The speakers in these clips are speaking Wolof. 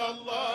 Allah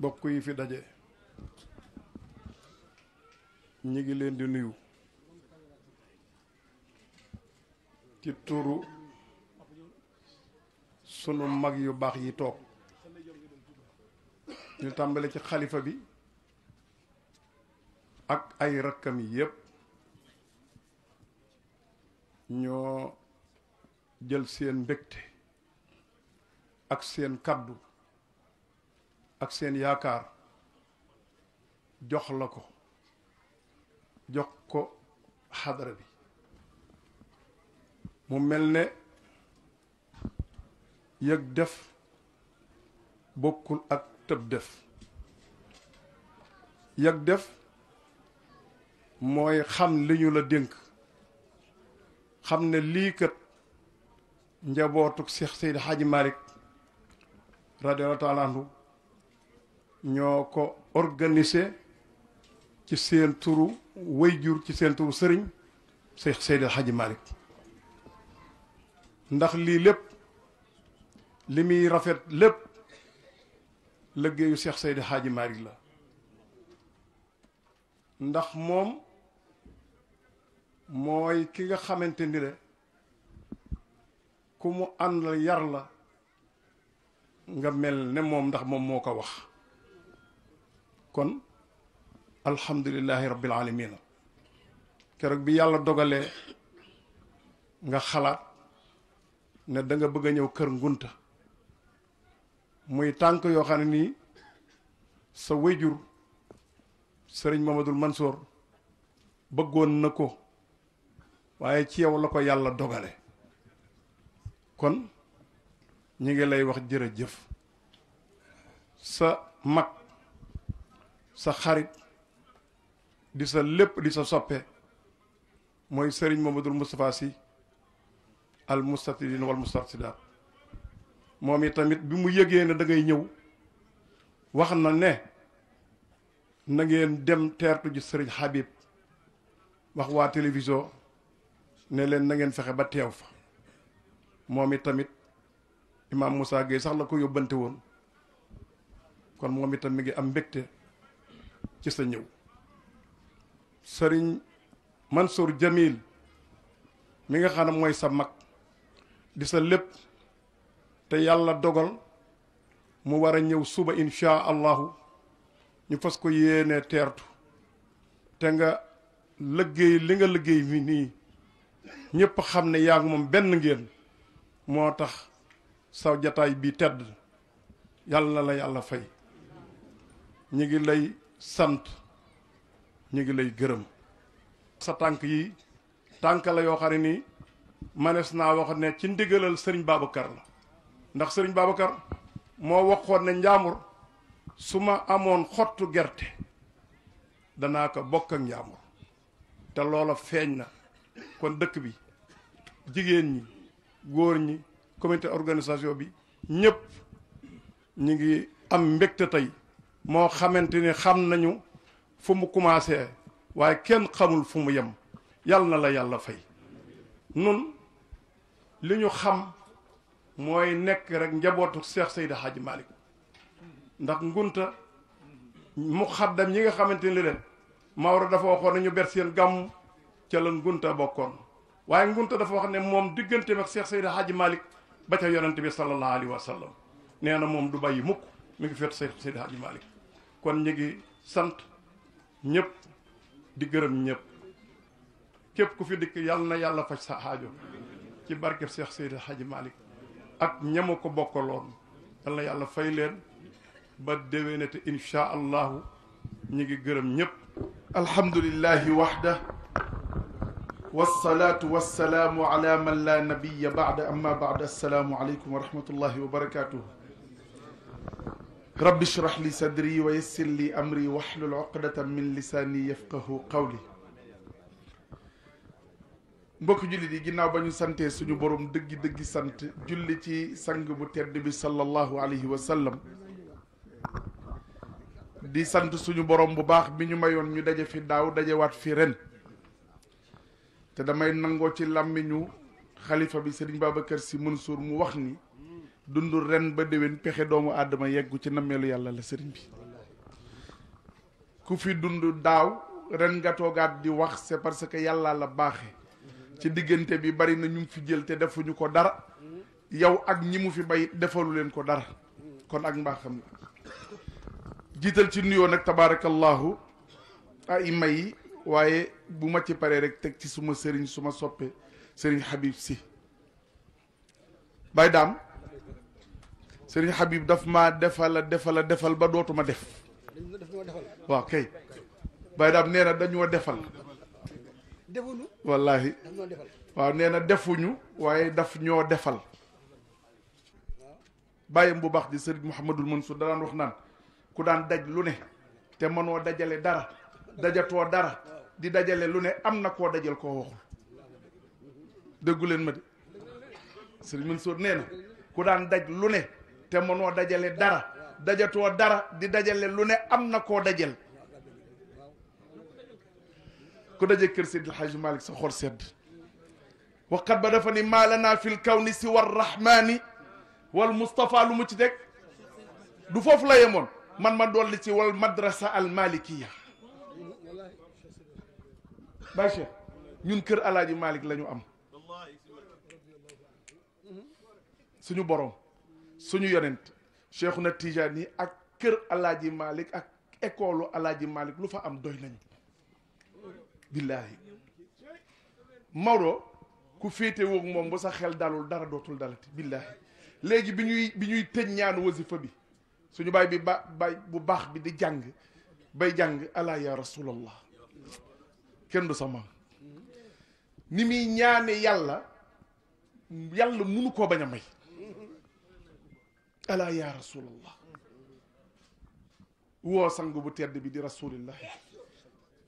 bokk yi fi daje ñu ngi leen di nuyu ci turu sunu mag yu baax yi toog ñu tàmbali ci xalifa bi ak ay rakkam yépp ñoo jël seen mbégte ak seen kàddu ak seen yaakaar jox la ko jox ko xadara bi mu mel ne yëg def bokkul ak tëb def yëg def mooy xam li ñu la dénk xam ne lii kat njabootuk Seex Seydi Xaaji Malick radiyallahu taala anhu ñoo ko organisé ci seen turu wayjur ci seen turu sëriñ Seex Seydi Xaaji Malick ndax lii lépp li muy rafet lépp liggéeyu Cheikh Seydi Hadji Malick la ndax moom mooy ki nga xamante ni de ku mu àndal yar la nga mel ne moom ndax moom moo ko wax kon alhamdulillahi rabbil alamina keroog bi yàlla dogalee nga xalaat ne danga bëgg a ñëw kër ngunta muy tànk yoo xam ne nii sa wéjur sëriñ Mamadul Mansoor bëggoon na ko waaye ci yow la ko yàlla dogale kon ñu ngi lay wax jëf sa mag sa xarit di sa lépp di sa soppe mooy sëriñ Mamadul Moustapha Sy al mustatidin wal mustatidaat moom i tamit bi mu yëgee na dangay ñëw wax na ne na ngeen dem teertu ji sëriñ Habib wax waa télévision ne leen na ngeen fexe ba teew fa moom i tamit imaam Moussa Gueye sax la ko yóbbante woon kon moom itam mi ngi am mbégte ci sa ñëw sëriñ Mansour Jamil mi nga xam mooy sa mag di sa lépp te yàlla dogal mu war a ñëw suba insha allahu ñu fas ko yéene teertu te nga liggéey li nga liggéey mi nii ñëpp xam ne yaa ngi moom benn ngéen moo tax sa jataay bi tedd yàlla la yàlla fay ñu ngi lay sant ñu ngi lay gërëm sa tànk yi tànk la yoo xam ne nii manees naa wax ne ci ndigalal sëriñ Babacar la ndax sëriñ Babacar moo waxoon ne njaamur su ma amoon xottu gerte danaa ko bokk ak njaamur te loola feeñ na kon dëkk bi jigéen ñi góor ñi comité organisation bi ñépp ñu ngi am mbégte tey moo xamante ni xam nañu fu mu commencé waaye kenn xamul fu mu yem yàlla na la yàlla fay nun li ñu xam mooy nekk rek njabootu Cheikh Seydi Hadji Malick ndax ngunta muxaddam yi nga xamante ni leen Maodo dafa waxoon nañu ber seen gàmm ca la ngunta bokkoon waaye ngunta dafa wax ne moom digganteem ak Cheikh Seydi Hadji Malick ba ca yonente bi sallallahu alayhi wa sallam nee na moom du bàyyi mukk mi ngi feet Cheikh Seydi Hadji Malick kon ñu sant ñëpp di gërëm ñëpp képp ku fi dikk yàlla na yàlla faj sa xaajo ci barke Cheikh Seydi Hadji Malick ak ñamu ko bokkaloon yal na yàlla fay leen ba déwénate insha allahu ñi ngi gërëm ñépp alhamdulillahi waxda wasalaatu wasalaamu ala man la nabiya baada amma baada assalaamu aleykum wa rahmatullahi wa barakatuhu rabbi shrah li sadri wa yassir li amri wahlul uqdatan min lisaani yafqahu qawli mbokk jullit yi ginnaaw ba ñu santee suñu borom dëggi dëggi sant julli ci sang bu tedd bi sallallahu alayhi wa sallam di sant suñu borom bu baax bi ñu mayoon ñu daje fi daaw dajewaat fi ren te damay nangoo ci làmmiñu xalifa bi sëriñ Babacar Sy Mansour mu wax ni dundul ren ba déwén pexe doomu aadama yeggu ci nammeelu yàlla la sëriñ bi ku fi dund daaw ren nga toogaat di wax c'est parce que yàlla la baaxe ci diggante bi bari na ñu fi jël te defuñu ko dara yow ak ñi mu fi bay defalu leen ko dara kon ak mbaaxam la jiital ci nuyoo nag tabaarakallahu ay may waaye bu ma ci paree rek teg ci suma sëriñ suma soppee sëriñ Habib si bay daam sëriñ Habib daf ma defala defala defal ba dootuma def waaw kay bay daam nee na dañoo defal defuñu wallaahi waaw nee na defuñu waaye daf ñoo defal bàyyam bu baax di sëriñ Mouhamadul Mansour da daan wax naan ku daan daj lu ne te mënoo dajale dara dajatoo dara di dajale lu ne am na koo dajal koo waxul déggu leen ma de ku daan daj lu ne te mënoo dajale dara dajatoo dara di dajale lu ne am na koo dajal ku daje kër Seydil Hadji malik sa xol sedd waqat ba dafa ni maa lanaa fil ni si war rahmaani wal Moustapha lu mu ci teg du foofu la yemoon man ma dolli ci wal madrasa al malikiya ba Cheikh ñun kër alaaji Malick la ñu am suñu borom suñu yonent Cheikhuna Tijaani ak kër alaaji malik ak école alaaji Malick lu fa am doy nañu billaahi ku féete woog moom ba sa xel dalul dara dootul dalati billaahi léegi bi ñuy bi ñuy tëj ñaan wasifa bi suñu baay bi ba baay bu baax bi di jàng bay jàng alaa ya rasulallah kenn du sa maam ni muy ñaane yàlla yàlla munu koo bañ a may alaa ya rasulallah woo sang bu tedd bi di rasulillahi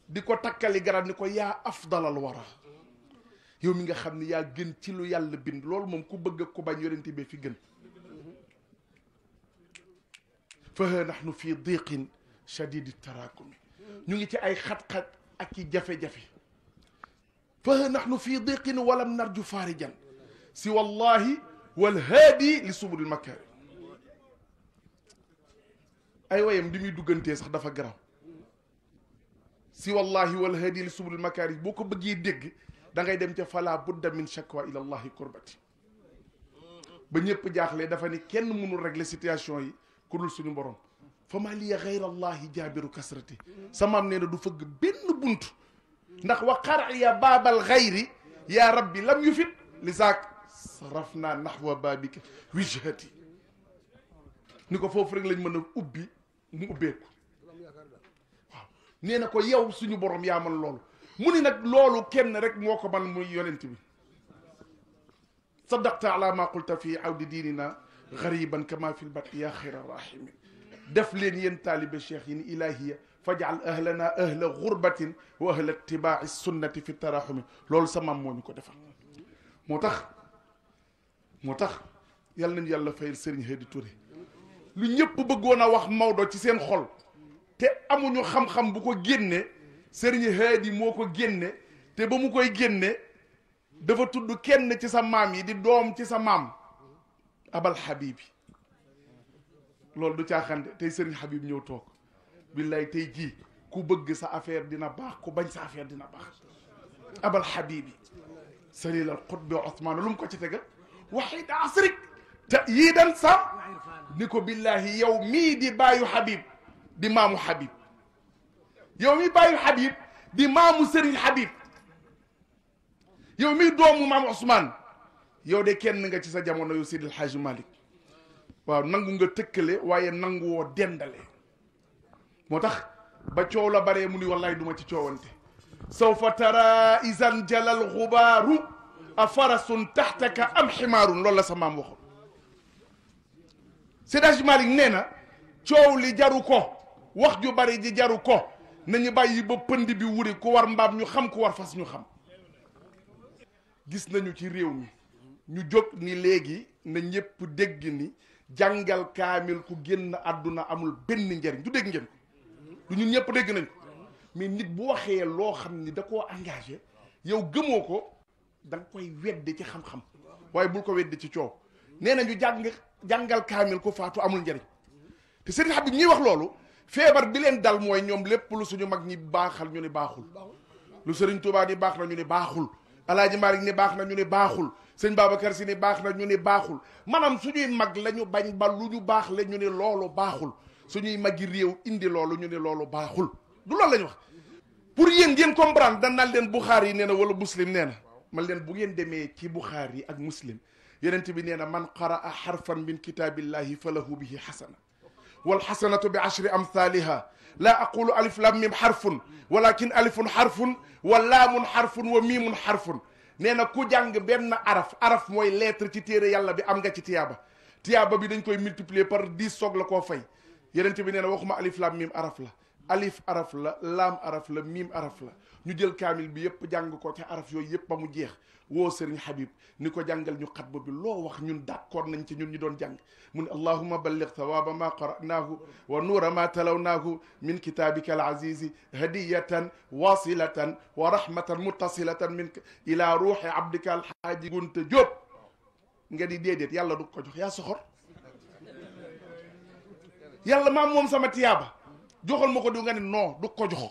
di ko takkali garab ni ko yaa afdalal wara yow mi nga xam ni yaa gën ci lu yàlla bind loolu moom ku bëgg ak ku bañ yonente bee fi gën faha nahnu fi diqin shadidi tarakumi ñu ngi ci ay xat-xat ak i jafe-jafe faha nahnu fi diqin walam narju farijan si wallahi walhaadi li subulil makaari ay woyam li muy duggantee sax dafa garaaw si wallahi wal hadi li subul makaari boo ko bëggee dégg da ngay dem ca fala budda min shakwa ila allahi kurbati ba ñëpp jaaxle dafa ni kenn mënul régler situation yi ku dul suñu borom fa ma liya gayra allahi jaabiru kasrati samaam nee na du fëgg benn bunt ndax wa xar ya baabal xayri yaa rabbi lam yu fit li saak saraf naa naxwa baabika wijhati ni ko foofu rek lañ mën a ubbi mu ubbeeku nee na ko yow suñu borom yaa man loolu mu ni nag loolu kenn rek moo ko man muy yonent bi saddaqta ala ma qulta fi awdi diinina gariban kama fi lbatni ya xayra rahimin def leen yéen taalibe cheikh yi ni ilahiya fajal ahlana ahla gurbatin wa ahla ittibaai sunnati fi tarahumi loolu sa maam moo ñu ko defal moo tax moo tax yàlla nañu yàlla fayal Serigne Hady Touré lu ñëpp bëggoon a wax Maodo ci seen xol te amuñu xam-xam bu ko génne sëriñ Haadi moo ko génne te ba mu koy génne dafa tudd kenn ci sa maam yi di doom ci sa maam abal Habib loolu du caaxande tey sëriñ Habib ñëw toog billaay tey jii ku bëgg sa affaire dina baax ku bañ sa affaire dina baax abal Habibi salil al qutbi Ousmane asrik te yii ni ko billahi yow mii di baayu Habib di maamu Habib yow mi bàyyi Habib di maamu Serigne Habib yow mi doomu maam Ousmane yow de kenn nga ci sa jamono yow Seydil Hadji Malick waaw nangu nga tëkkale waaye nangu woo dendale moo tax ba coow la baree mu ni wallaay duma ci coowante sawfa tara isan jalal xubaaru a farasun taxtaka am ximaarun loolu la sa maam waxoon Seydil Hadji Malick nee na coow li jaru ko wax ju bari ji jaru ko nañu bàyyi ba pënd bi wuri ku war mbaam ñu xam ku war fas ñu xam gis nañu ci réew mi ñu jóg ni léegi na ñëpp dégg ni jàngal kaamil ku génn àdduna amul benn njariñ du dégg ngeen ko du ñun ñëpp dégg nañ mais nit bu waxee loo xam ni da koo engagé yow gëmoo ko da koy wedde ci xam-xam waaye bul ko wedde ci coow nee nañu ñu jàng jàngal kaamil ku faatu amul njariñ te sëriñ Habib ñuy wax loolu feebar bi leen dal mooy ñoom lépp lu suñu mag ñi baaxal ñu ne baaxul lu sëriñ Touba di baax na ñu ne baaxul Alaaji Maalik ni baax na ñu ne baaxul sëñ Babacar Si ni baax na ñu ne baaxul maanaam suñuy mag la ñu bañ ba lu ñu baax la ñu ne loolu baaxul suñuy magi réew indi loolu ñu ne loolu baaxul du loolu la ñu wax pour yéen ngeen comprendre dan naan leen Buxaari yi nee na wala muslim nee na man leen bu ngeen demee ci Buxaari yi ak muslim yenent bi nee na man qaraa xarfan min kitaabillahi falahu bihi xasana walxasanatu bi ashri amthaliha laa aqulu alif lam mim xarfun walakin alifun xarfun wa laamun xarfun wa miimun xarfun nee na ku jàng benn araf araf mooy lettre ci téere yàlla bi am nga ci tiyaaba tiyaaba bi dañ koy multiplier par dix soog la koo fay yenente bi nee na waxuma alif lam mim araf la alif araf la laam araf la miim araf la ñu jël kaamil bi yëpp jàng ko ca araf yooyu yëpp ba mu jeex woo sëriñ Habib ni ko jàngal ñu xatba bi loo wax ñun d'accord nañ ci ñun ñu doon jàng mu ne allahuma balligh sawaaba ma qara'naahu wa nuura ma talawnaahu min kitaabika al-azizi hadiyatan wasilatan wa rahmatan muttasilatan min ila ruuxi abdika alxaaji gunta jóob nga di déedéet yàlla du ko jox yaa soxor yàlla maam moom sama tiyaaba joxal ma ko diw nga ne non du ko jox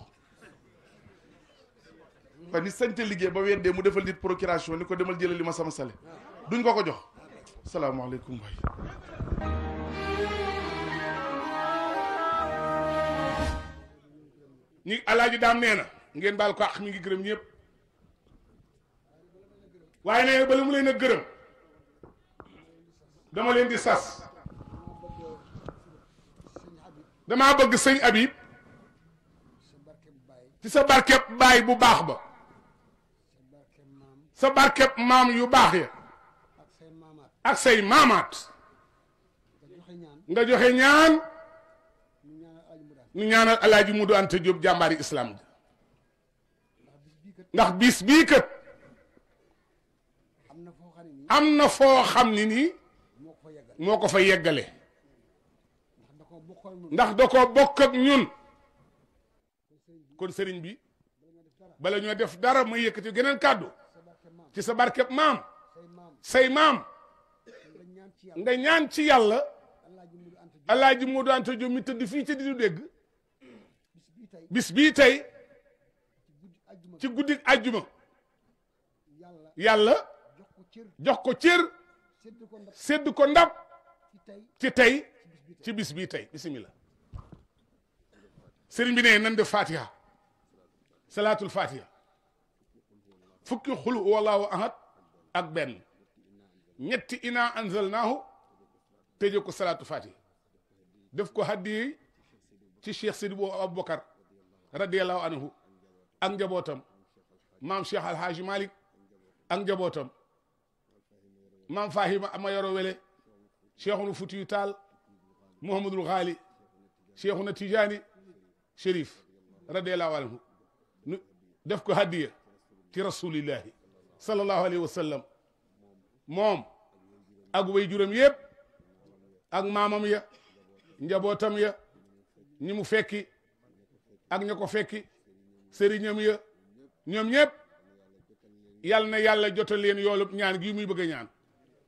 fa ni sañta liggéey ba weddee mu defal nit procuration ni ko demal jëlali ma sama sale duñ ko ko jox salaamaaleykum waay ñu alaaji daam nee na ngeen baal ko ak mi ngi gërëm yépp waaye nee na bala mu leen a gërëm dama leen di sas damaa bëgg sëñ Habib ci sa barkeb baay bu baax ba sa barkeb maam yu baax ya ak say maamaat nga joxe ñaan ñu ñaanal alaaji Mudu Anta Jóob jàmbaari islaam ji ndax biis bii kët am na foo xam ne nii moo ko fa yeggale ndax da ko bokk ak ñun kon sëriñ bi bala ñoo def dara muy yëkkati geneen kàddu ci sa barkeb maam say maam nga ñaan ci yàlla alaaji Moodu Anta Jóob mi tëdd fii ca di du dégg bis bii tey ci guddik ajjuma yàlla jox ko cër sédd ko ndab ci tey ci bis bii tey bisimilah sëriñ bi ne fatiha salaatul fatiha fukki xul wallahu ahad ak benn ñetti ina anzalnaahu tëje ko salaatu fatiha def ko haddi ci cheikh sidi bo aboubacar radiallahu anhu ak njabootam maam cheikh alhaaji malik ak njabootam maam fahima ama yoro wele cheikhunu futiyu taal Mouhamadul Xaali Cheikhuna Tijaani Chérif radiallahu anhu nu def ko hadiya ci rasulillahi sallallahu alayhi wa moom ak way juram yëpp ak maamam ya njabootam ya ñi mu fekki ak ña ko fekki sëriñam ya ñoom ñëpp yal na yàlla jotal leen yoolub ñaan gi muy bëgg ñaan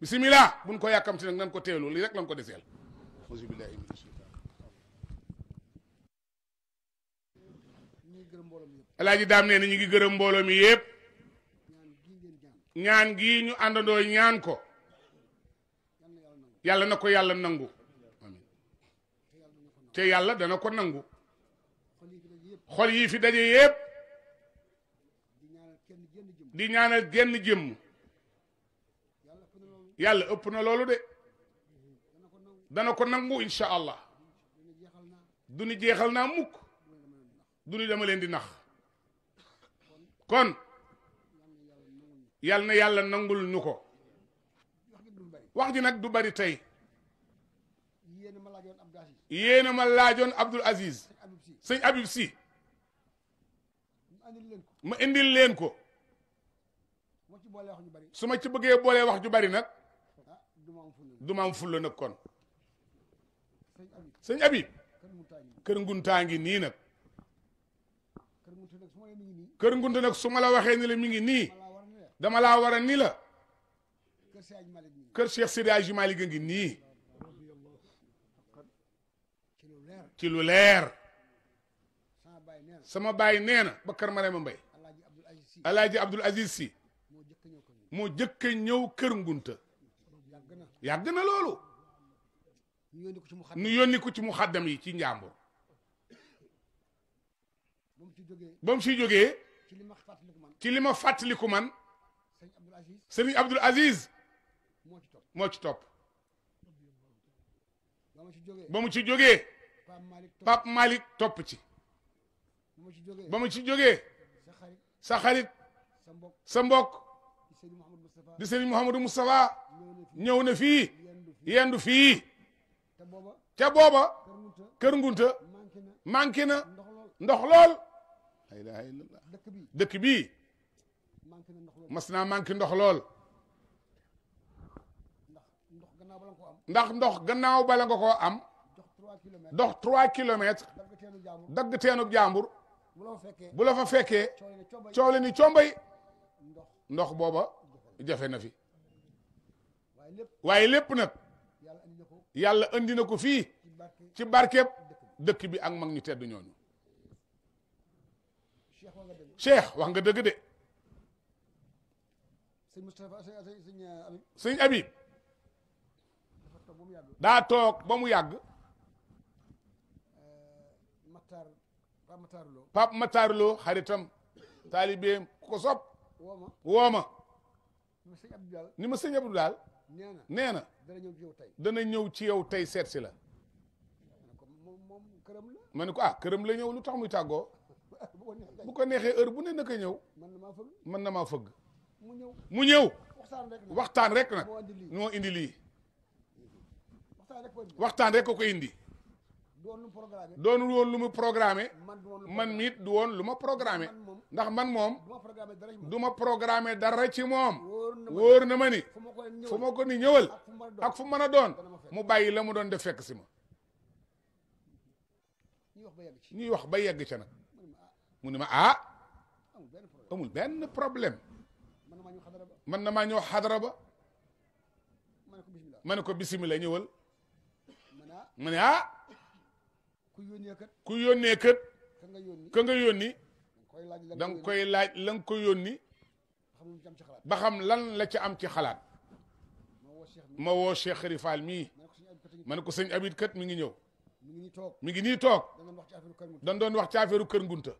ñaan bu buñ ko yàkkamti nag nan ko teelu li rek lan ko deseel auzu billaahi mina sheytaan alaaji daam nee na ñu ngi gërëm mbooloo yépp ñaan gii ñu àndandoo ñaan ko yàlla na ko yàlla nangu te yàlla dana ko nangu xol yii fi daje yépp di ñaanal genn jëmm yàlla ëpp na loolu de dana ko nangu insha allah du ni jeexal naa mukk du ni dama leen di nax kon yal na yàlla nangul ñu ko wax ji nag du bari tey yéena ma laajoon Abdul Aziz sëñ Abib Si ma indil leen ko su ma ci bëggee boolee wax ju bari nag du ma am fulla nag kon sëñ Habib kër nguntaa ngi nii nag kër ngunta nag su ma la waxee ni la mu ngi nii dama laa war a ni la kër Cheikh Seydi Hadji Malick a ngi nii ci lu leer sama baay nee na ba kër Marema Mbay alaaji Abdul Aziz Si moo jëkk ñëw kër ngunta yàgg na loolu ñu yónni ko ci mu xaddam ñu yónni ci mu xaddam yi ci njàmbur. ba mu si joge ba mu si jógee ci li ma fàttaliku man ci li ma fàttaliku man sëriñ Abdul moo ci topp moo ci topp. ba mu ci jógee Pape Malick topp ci. ba mu ci jógee sa xarit sa mbokk di sëriñ Mouhamadou Moustapha ñëw na fii yendu fii. te booba te booba kër ngunta manqué na ndox lool la ilaha illallah dëkk bii mas naa manqué ndox lool ndax ndox gannaaw bala nga koo am dox trois kilomètres dagg teenub jàmbur bu la fa fekkee coow li ni combay ndox booba jafe na fi waaye lépp nag yàlla andi na ko fii ci barkeeb dëkk bi ak mag ñu tedd ñooñu cheikh wax nga dëgg de sëñ Habib daa toog ba mu yàgg euh, Pape Matar Lo xaritam taalibeem ko sopp wooma ni ma sëñ Abdou daal nee na dana ñëw ci yow tey seet si la ma ne ko ah këram la ñëw lu tax muy tàggoo bu ko neexee heure bu ne naka ñëw mën na maa fëgg mu ñëw waxtaan rek nag moo indi lii waxtaan rek ko ko indi doonul woon lu mu programmé man miit du woon lu ma programmé ndax man moom du ma programmé dara ci moom wóor na ma ni fu ma ko ni ñëwal ak fu mën a doon mu bàyyi la mu doon de fekk si ma ñuy wax ba yegg ca nag mu ne ah. ma ah amul benn problème man na maa ñëw xadara ba ma ne ko bisimila ñëwal ma ne ah. ah. ku yónnee kat. ku yónnee kat. ka nga yónni ka nga yónni. da nga koy laaj la nga koy yónni. ba xam lan la ci am ci xalaat. ma woo Cheikh Xarifaal mii. man ne ko sëñ Abid kat mi ngi ñëw. mu ngi nii toog mi ngi nii toog. dañ doon wax ci affaire kër Ngunta.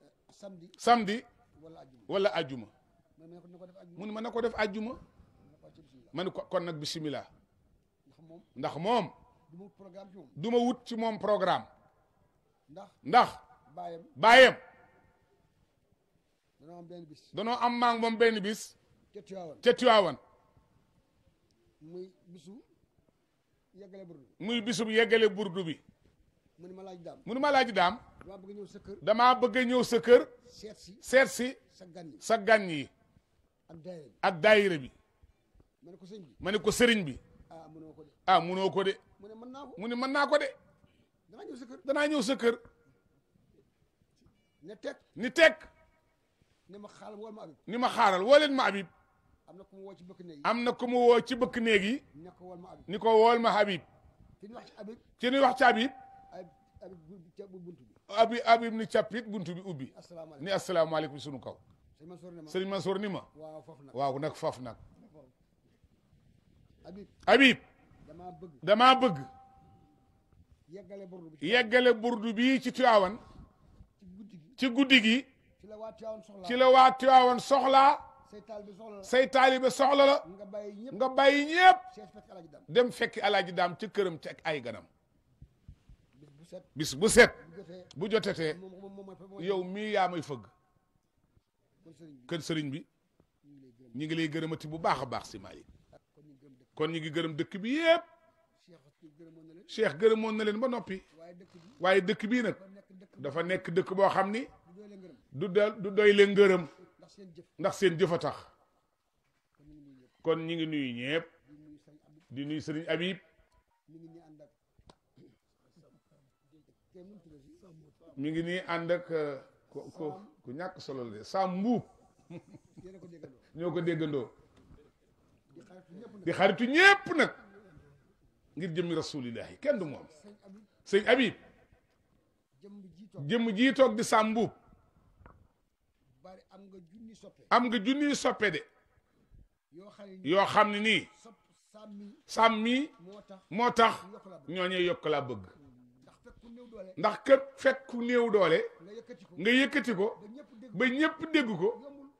Eh, samedi samedi. wala ajuma mu ne ma na ko def ajuma ma ne ko kon nag bisimilah. ndax moom. du ma wut ci moom programme ndax baayam danoo am maag moom benn bis ca Tiwaawan muy bisu yeggale burdu muy bisu bi mu ma laaj daam mu ni ma laaj daam damaa bëgg ñëw sa kër damaa bëgg ñëw sa kër si seet yi ak daayira bi ma ne ko sëriñ bi ah munoo ko de ah munoo ko de mu ne mën naa ko mu ne mën naa ko de. danaa ñëw sa kër ne teg ni teg. ni ma xaaral woo ma Habib. ni ma xaaral woo ma Habib. am na ku mu woo ci bëkk néeg am na ku mu woo ci bëkk néeg yi. ni ko wool ma Habib ni ko wool ma Habib. ci ñuy wax ci Habib. ci ñuy wax ci Habib. abi abi ni càppit buntu bi ubbi ni asalaamaaleykum sunu kaw sëriñ Mansour ni ma waaw nag faf nag Habib damaa bëgg damaa bëgg yeggale burdu bi yeggale burdu bi ci Tiwaawan ci guddi gi ci la waa Tiwaawan soxlaa say taalibe soxla la nga bàyyi ñëpp dem fekki alaaji daam ci këram ci ay ganam bis bu set bu jotetee yow mii yaa may fëgg kër sëriñ bi ñu ngi lay gërëm gërëmati bu baax a baax si Malick kon ñu ngi gërëm dëkk bi yëpp cheikh gërëmoon na leen ba noppi waaye dëkk bii nag dafa nekk dëkk boo xam ni du du doy leen ngërëm ndax seen jëf a tax kon ñu ngi nuyu ñëpp di nuyu sëriñ Habib mi ngi nii ànd ak euh, ku ku ñàkk solo la de Sambu ñoo ko déggandoo di xaritu ñépp nag ngir jëmmi rasulillahi kenn du moom sëñ Habib jëmm jiitoog di di sàmbuub am nga junniy soppe de yoo xam ne nii sàmmi moo tax ñooñee yokk laa bëgg ndax kër fekku néew doole nga yëkkati ko ba ñépp dégg ko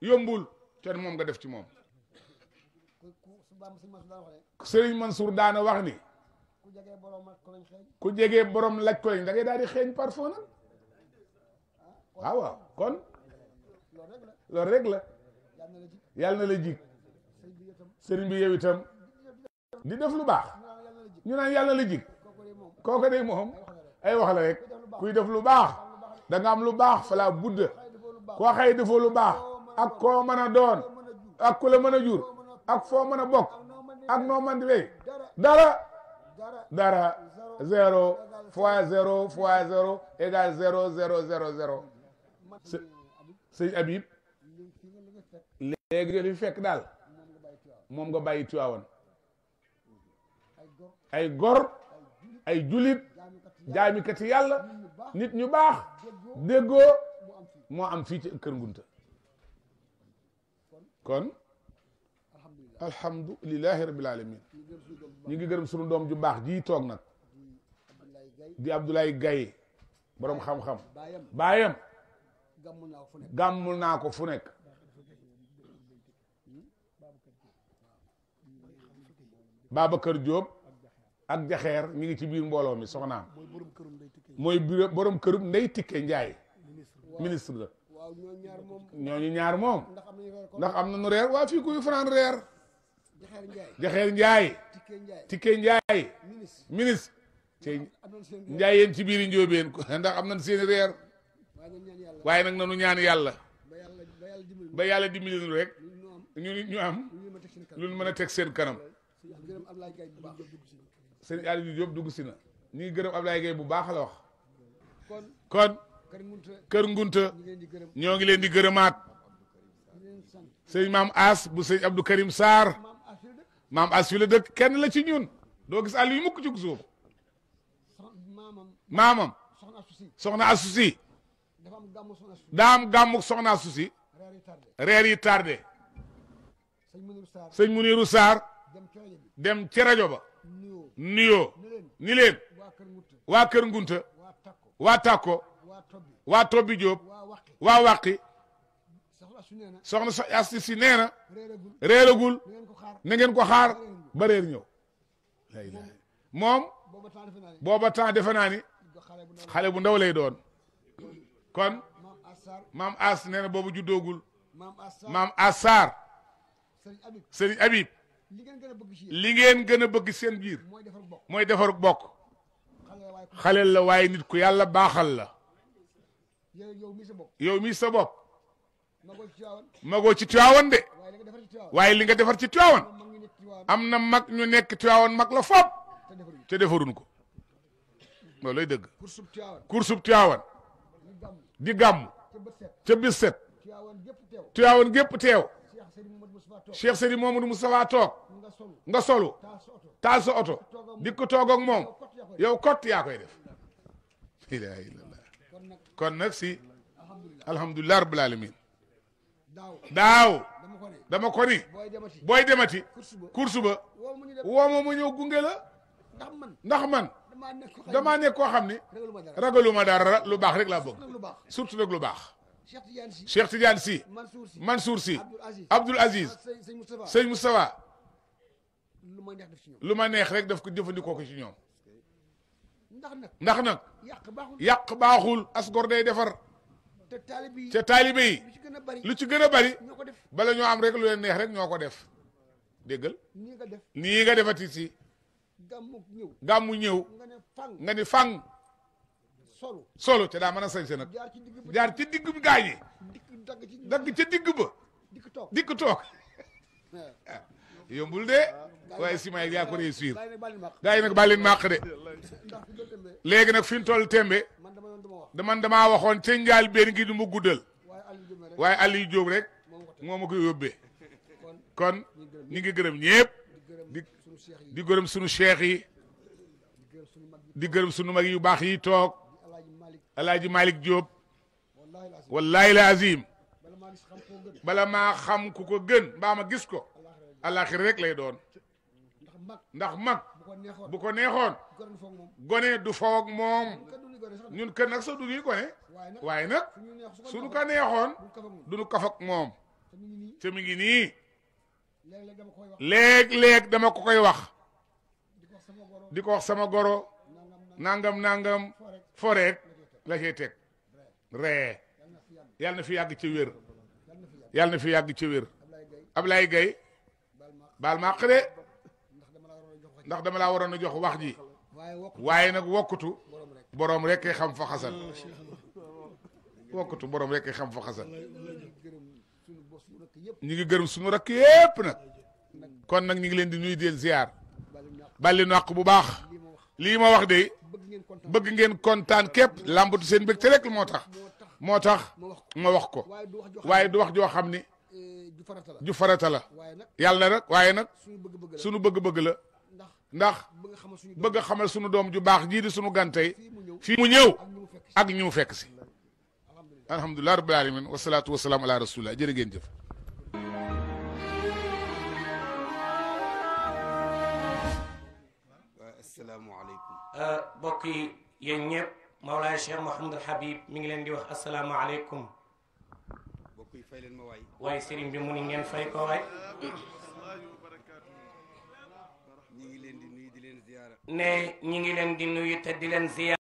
yombul te moom nga def ci moom Serigne Mansour daana wax ni. ku jege borom laj ko lañ xeeñ. ku jege borom laj ko da ngay daal di xeeñ parfum nag ah, ah, waaw kon. loolu rek la. yàlla na la jig. sëriñ bi yow di def lu baax. ñu naan yàlla na la jig. kooku de moom ay wax la rek kuy def lu baax danga am lu baax fala budd koo xëy defoo lu baax ak koo mën a doon ak ku la mën a jur. ak foo mën a bokk ak noo mën di wéy dara dara zéro fois zéro fois zéro égale zéro zéro zéro zéro sëñ Habib léegi li fekk daal moom nga bàyyi Tiwaawan ay gor ay julit jaamikati yàlla nit ñu baax déggoo moo am fii ci kër Ngunta kon alhamdulilahi rabbil alamin ñu ngi gërëm sunu doom ju baax jii toog nag di Abdoulaye Gaye borom xam-xam baayam gàmmul naa ko fu nekk Babacar Diop ak jaxeer mi ngi ci biir mbooloo mi soxnaam mooy borom kërum ndey tikke njaay ministre la ñooñu ñaar moom ndax am na nu reer waa fii kuy fanaan reer jaxeer Ndiaye Tické Ndiaye ministre tey Ndiaye yéen ci biir njóobeen ndax am nañ seeni reer waaye nag nanu ñaan yàlla ba yàlla dimbali nu rek ñu ñu am lu ñu mën a teg seen kanam sëñ Aliou Diop dugg si na ñu ngi gërëm Ablaye Gueye bu baax la wax kon kër Ngunta ñoo ngi leen di gërëmaat sëñ maam As bu sëñ Abdou Karim Sarr maam as fi dëkk kenn la ci ñun doo gis àll mukk ci maamam soxna asu si daam gàmmuk soxna asu si reer yi tardé sëñ Muniru Saar dem ci rajo ba nuyoo waa kër ngunta waa tàkko waa tobbi jóob waa wàqi soxna asu si nee na réeragul na ngeen ko xaar ba réer ñëw moom booba temps defe naa ni xale bu ndaw lay doon kon maam as nee na boobu juddoogul maam as saar sëriñ abib li ngeen gën a bëgg seen biir mooy defar bokk xale la waaye nit ku yàlla baaxal la yow mii sa bopp magoo ci Tiwaawan de waaye li nga defar ci Tiwaawan am na mag ñu nekk Tiwaawan mag la fop te defaruñ ko loolu lay dëgg kursub Tiwaawan di gàmm ca bis set Tiwaawan gépp teew Cheikh Serigne Momadou Moustapha toog nga solu taal sa oto di ko toog ak moom yow kott yaa koy def kon nag si alhamdulilah alamin daaw dama ko ni booy demati course ba woo ma mu ñëw gunge la ndax man damaa nekk koo xam ni ragaluma dara lu baax rek laa bëgg surtout nag lu baax Cheikh Tidiane Sy Mansour Sy Abdoul Aziz ah, Sëñ Moustapha lu ma neex rek daf ko jëfandikoo ko ci ñoom ndax nag yàq baaxul as gor day defar te taalibe yi te taalibe yi lu ci gën a bari bala ñoo am rek lu leen neex rek ñoo ko def déggal nii nga defati si gàmmu ñëw nga ni fang solo te daa mën a sañse nag jaar ci digg gaa ñi dagg ci digg ba dikk toog yombul de waaye Simaël yaa ko réussir gaa yi nag bàllin màq de léegi nag fi toll tembe dama damaa waxoon ca njaal benn gi du ma guddal waaye Aliou Diop rek moo ma ko yóbbee kon ñu ngi gërëm ñëpp di di gërëm sunu cheikh yi di gërëm sunu mag yu baax yi toog El Hadj Malick Diop wallaahi la azim bala maa xam ku ko gën mbaa ma gis ko alaxir rek lay doon ndax mag bu ko neexoon gone du foog moom. ñun kër nag sax du ñuy gone waaye nag suñu ko neexoon du ñu kafak moom te mi ngi nii léeg-léeg dama ko koy wax di ko wax sama goro nangam nangam foreek la cay teg ree yàlla na fi yàgg ci wér yàlla na fi yàgg ci wér Ablaye Gaye baal ma àq de ndax dama laa waroon a jox wax ji waaye nag wokkutu borom rek xam fa xasan wokkatu borom rek xam fa xasan ñu ngi gërëm suñu rakk yépp nag kon nag ñu ngi leen di nuyu di leen ziar bàlli bu baax lii ma wax de bëgg ngeen kontaan képp làmbatu seen mbégte rek moo tax moo tax ma wax ko waaye du wax joo xam ni eh, ju farata la yàlla nag waaye nag suñu bëgg-bëgg la ndax bëgg a xamal sunu doom ju baax jii di sunu gantey fii mu ñëw ak ñu mu fekk si alhamdulilah rabbil alamin wasalaatu wasalaam ala rasulillah jërë ngeen jëf asalaamaaleykum mbokk euh, yi yéen ñëpp Mawlaay Cheikh Mouhamadul Habib mi ngi leen di wax asalaamaaleykum mbokk yi fay leen ma waay waaye sëriñ bi mu ni ngeen fay ko waay ñu ngi leen nee ñi ngi leen di nuyu di leen ziyaar